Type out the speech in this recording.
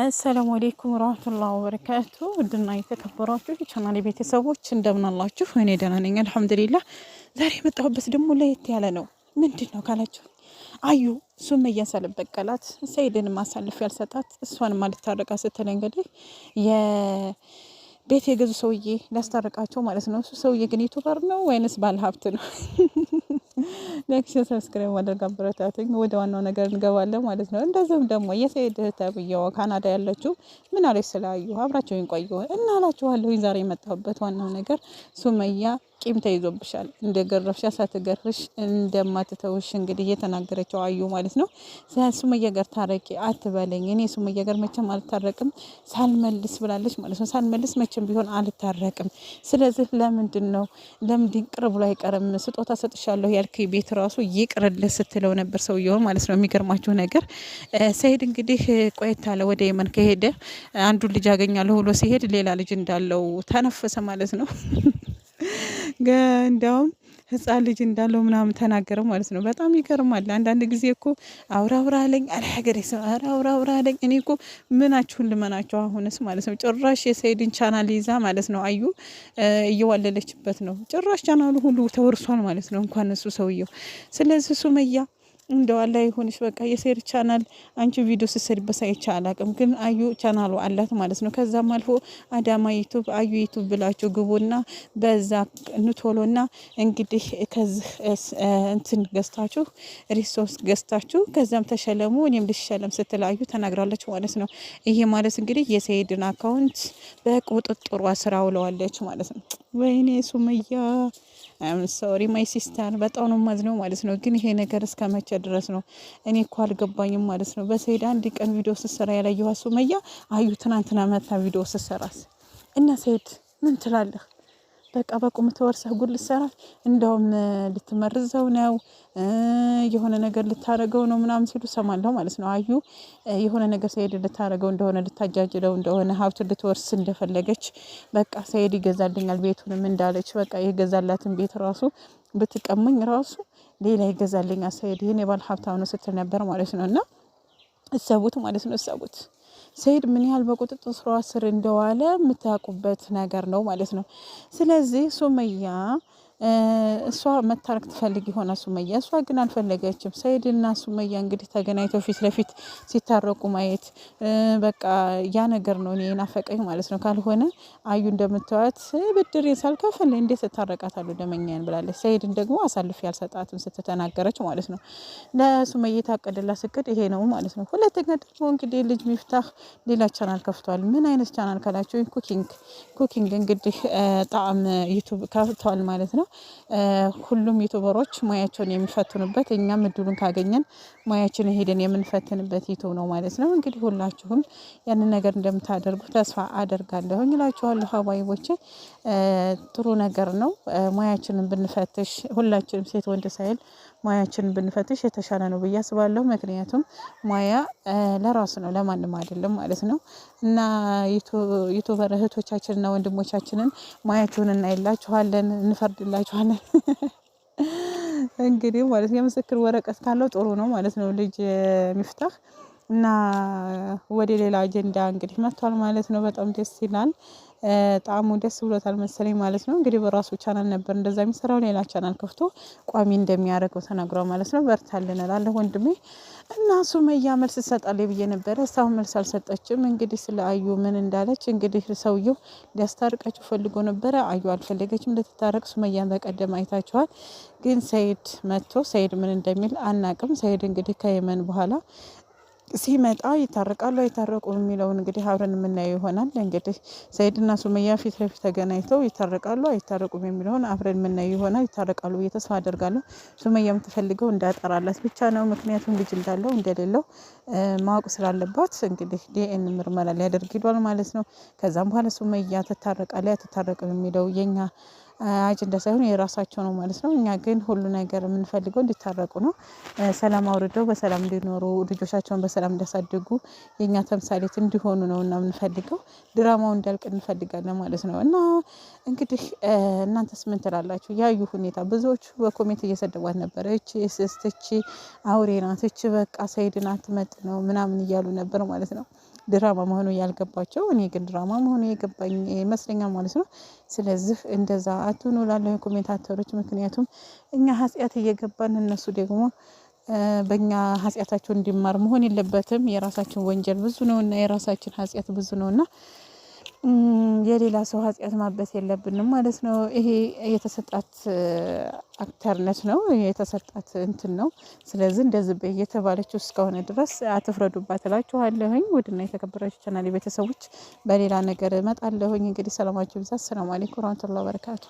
አሰላሙ አሌይኩም ወራህመቱላሂ ወበረካቱ ውድና የተከበሯችሁ የቻናሌ ቤተሰቦች እንደምን አላችሁ? እኔ ደህና ነኝ አልሐምዱሊላህ። ዛሬ የመጣሁበት ደግሞ ለየት ያለ ነው። ምንድን ነው ካላችሁ አዩ ሱመያን ሳልበቀላት ሰይድን ማሳልፍ ያልሰጣት እሷን ማልታረቃ ስትል እንግዲህ የቤት የገዙ ሰውዬ ሊያስታርቃቸው ማለት ነው። እሱ ሰውዬ ግን ዩቱበር ነው ወይንስ ባለሀብት ነው? ላይክ፣ ሼር፣ ሰብስክራይብ ማድረግ አበረታቱኝ። ወደ ዋናው ነገር እንገባለን ማለት ነው። እንደዚሁም ደግሞ የሰኢድ እህት ተብዬዋ ካናዳ ያለችው ምን አለች ስላዩ አብራቸው ቆዩ እና አላችኋለሁኝ። ዛሬ የመጣሁበት ዋናው ነገር ሱመያ ቂም ተይዞብሻል፣ እንደገረፍሻ ሳትገርፍሽ እንደማትተውሽ እንግዲህ እየተናገረችው አዩ ማለት ነው። ሱመያ ጋር ታረቂ አትበለኝ፣ እኔ ሱመያ ጋር መቼም አልታረቅም ሳልመልስ ብላለች ማለት ነው። ሳልመልስ መቼም ቢሆን አልታረቅም። ስለዚህ ለምንድን ነው ለምንድን ቅርብ ብሎ አይቀርም ስጦታ ሰጥሻለሁ ያል ያልክ ቤት ራሱ ይቅርልህ ስትለው ነበር ሰውየው ማለት ነው። የሚገርማችሁ ነገር ሰይድ እንግዲህ ቆየት አለ ወደ የመን ከሄደ አንዱን ልጅ አገኛለሁ ብሎ ሲሄድ ሌላ ልጅ እንዳለው ተነፈሰ ማለት ነው። እንዲያውም ህፃን ልጅ እንዳለው ምናምን ተናገረ ማለት ነው። በጣም ይገርማል። አንዳንድ ጊዜ እኮ አውራውራለኝ አውራ አለኝ ሰው አረ እኔ እኮ ምናችሁን ልመናቸው አሁንስ ማለት ነው። ጭራሽ የሰይድን ቻናል ይዛ ማለት ነው አዩ እየዋለለችበት ነው። ጭራሽ ቻናሉ ሁሉ ተወርሷል ማለት ነው። እንኳን እሱ ሰውየው ስለዚህ ሱመያ እንደዋላ ይሁንሽ በቃ የሴር ቻናል አንቺ ቪዲዮ ስሰድበት አይቼ አላቅም፣ ግን አዩ ቻናሉ አላት ማለት ነው። ከዛም አልፎ አዳማ ዩቱብ አዩ ዩቱብ ብላችሁ ግቡና በዛ ንቶሎና እንግዲህ ከዚህ እንትን ገዝታችሁ ሪሶርስ ገዝታችሁ ከዛም ተሸለሙ እኔም ልሸለም ስትላዩ ተናግራለች ማለት ነው። ይሄ ማለት እንግዲህ የሰይድን አካውንት በቁጥጥሯ ስራ ውለዋለች ማለት ነው። ወይኔ ሱመያ ሶሪ ማይ ሲስተር በጣም ነው ማዝነው ማለት ነው። ግን ይሄ ነገር እስከ መቼ ድረስ ነው? እኔ እኮ አልገባኝም ማለት ነው። በሰይድ አንድ ቀን ቪዲዮ ስትሰራ ያላየኋት ሱመያ አዩ ትናንትና መታ ቪዲዮ ስትሰራስ እና ሰይድ ምን ትላለህ? በቃ በቁም ተወርሳ ጉድ ልትሰራ እንደውም ልትመርዘው ነው የሆነ ነገር ልታረገው ነው ምናምን ሲሉ ሰማለሁ ማለት ነው። አዩ የሆነ ነገር ሰኢድ ልታረገው እንደሆነ ልታጃጅለው እንደሆነ ሀብቱን ልትወርስ እንደፈለገች በቃ ሰኢድ ይገዛልኛል ቤቱንም እንዳለች በቃ የገዛላትን ቤት ራሱ ብትቀሙኝ ራሱ ሌላ ይገዛልኛል ሰኢድ ይህን የባለ ሀብታም ነው ስትል ነበር ማለት ነው። እና እሰቡት ማለት ነው እሰቡት። ሰኢድ ምን ያህል በቁጥጥር ስር እንደዋለ የምታውቁበት ነገር ነው ማለት ነው። ስለዚህ ሱመያ እሷ መታረቅ ትፈልግ የሆነ ሱመያ። እሷ ግን አልፈለገችም። ሰይድና ሱመያ እንግዲህ ተገናኝተው ፊት ለፊት ሲታረቁ ማየት በቃ ያ ነገር ነው እኔ ናፈቀኝ ማለት ነው። ካልሆነ አዩ እንደምትዋት ብድር ሳልከፍል እንዴት እታረቃታለሁ ደመኛን ብላለች። ሰይድን ደግሞ አሳልፌ ያልሰጣትም ስትተናገረች ማለት ነው። ለሱመያ የታቀደላ ስቅድ ይሄ ነው ማለት ነው። ሁለተኛ ደግሞ እንግዲህ ልጅ ሚፍታህ ሌላ ቻናል ከፍቷል። ምን አይነት ቻናል ካላቸው ኩኪንግ ኩኪንግ እንግዲህ ጣዕም ዩቱብ ከፍቷል ማለት ነው። ሁሉም ዩቱበሮች ሙያቸውን የሚፈትኑበት እኛም እድሉን ካገኘን ሙያችን ሄደን የምንፈትንበት ዩቱብ ነው ማለት ነው። እንግዲህ ሁላችሁም ያንን ነገር እንደምታደርጉ ተስፋ አደርጋለሁ እላችኋለሁ። ሀባይቦቼ ጥሩ ነገር ነው። ሙያችንን ብንፈትሽ ሁላችንም ሴት ወንድ ሳይል ሙያችንን ብንፈትሽ የተሻለ ነው ብዬ አስባለሁ። ምክንያቱም ሙያ ለራሱ ነው ለማንም አይደለም ማለት ነው እና ዩቱበር እህቶቻችንና ወንድሞቻችንን ሙያችሁን እናይላችኋለን እንፈርድላ እንልላችኋለን። እንግዲህ ማለት ነው የምስክር ወረቀት ካለው ጥሩ ነው ማለት ነው ልጅ ሚፍታህ እና ወደ ሌላ አጀንዳ እንግዲህ መጥቷል ማለት ነው። በጣም ደስ ይላል። ጣዕሙ ደስ ብሎታል መሰለኝ ማለት ነው። እንግዲህ በራሱ ቻናል ነበር እንደዛ የሚሰራው ሌላ ቻናል ከፍቶ ቋሚ እንደሚያደርገው ተናግሯል ማለት ነው። በርታልን እላለሁ ወንድሜ። እና ሱመያ መልስ ትሰጣለች ብዬ ነበረ፣ እስካሁን መልስ አልሰጠችም። እንግዲህ ስለ አዩ ምን እንዳለች እንግዲህ ሰውየው ሊያስታርቃችሁ ፈልጎ ነበረ። አዩ አልፈለገችም እንደትታረቅ። ሱመያን በቀደም አይታችኋል። ግን ሰይድ መጥቶ ሰይድ ምን እንደሚል አናቅም። ሰይድ እንግዲህ ከየመን በኋላ ሲመጣ ይታረቃሉ አይታረቁ የሚለውን እንግዲህ አብረን የምናየው ይሆናል። እንግዲህ ሰይድና ሱመያ ፊት ለፊት ተገናኝተው ይታረቃሉ አይታረቁም የሚለውን አብረን የምናየው ይሆናል። ይታረቃሉ ብዬ ተስፋ አደርጋለሁ። ሱመያ የምትፈልገው እንዳጠራላት ብቻ ነው። ምክንያቱም ልጅ እንዳለው እንደሌለው ማወቅ ስላለባት እንግዲህ ዲኤን ምርመራ ሊያደርግ ሂዷል ማለት ነው። ከዛም በኋላ ሱመያ ትታረቃለች አትታረቅም የሚለው የኛ አጀንዳ ሳይሆን የራሳቸው ነው ማለት ነው። እኛ ግን ሁሉ ነገር የምንፈልገው እንዲታረቁ ነው። ሰላም አውርደው በሰላም እንዲኖሩ ልጆቻቸውን በሰላም እንዲያሳድጉ የእኛ ተምሳሌት እንዲሆኑ ነው እና የምንፈልገው ድራማው እንዲያልቅ እንፈልጋለን ማለት ነው። እና እንግዲህ እናንተስ ምን ትላላችሁ? ያዩ ሁኔታ ብዙዎቹ በኮሜንት እየሰደቧት ነበረ። እቺ ስስት፣ እች አውሬ ናት፣ እች በቃ ሰይድ ናት መጥ ነው ምናምን እያሉ ነበር ማለት ነው። ድራማ መሆኑ ያልገባቸው፣ እኔ ግን ድራማ መሆኑ የገባኝ ይመስለኛል ማለት ነው። ስለዚህ እንደዛ አትሁኑ ላለው ኮሜንታተሮች፣ ምክንያቱም እኛ ኃጢአት እየገባን እነሱ ደግሞ በእኛ ኃጢአታቸው እንዲማር መሆን የለበትም። የራሳችን ወንጀል ብዙ ነውና የራሳችን ኃጢአት ብዙ ነውና የሌላ ሰው ኃጢአት ማበስ የለብንም ማለት ነው። ይሄ የተሰጣት አክተርነት ነው የተሰጣት እንትን ነው። ስለዚህ እንደዚህ በይ እየተባለችው እስከሆነ ድረስ አትፍረዱባት እላችኋለሁኝ። ውድና የተከበራችሁ ቻናል ቤተሰቦች በሌላ ነገር እመጣለሁኝ። እንግዲህ ሰላማችሁ ብዛት። ሰላም አለይኩም ወረህመቱላሂ ወበረካቱ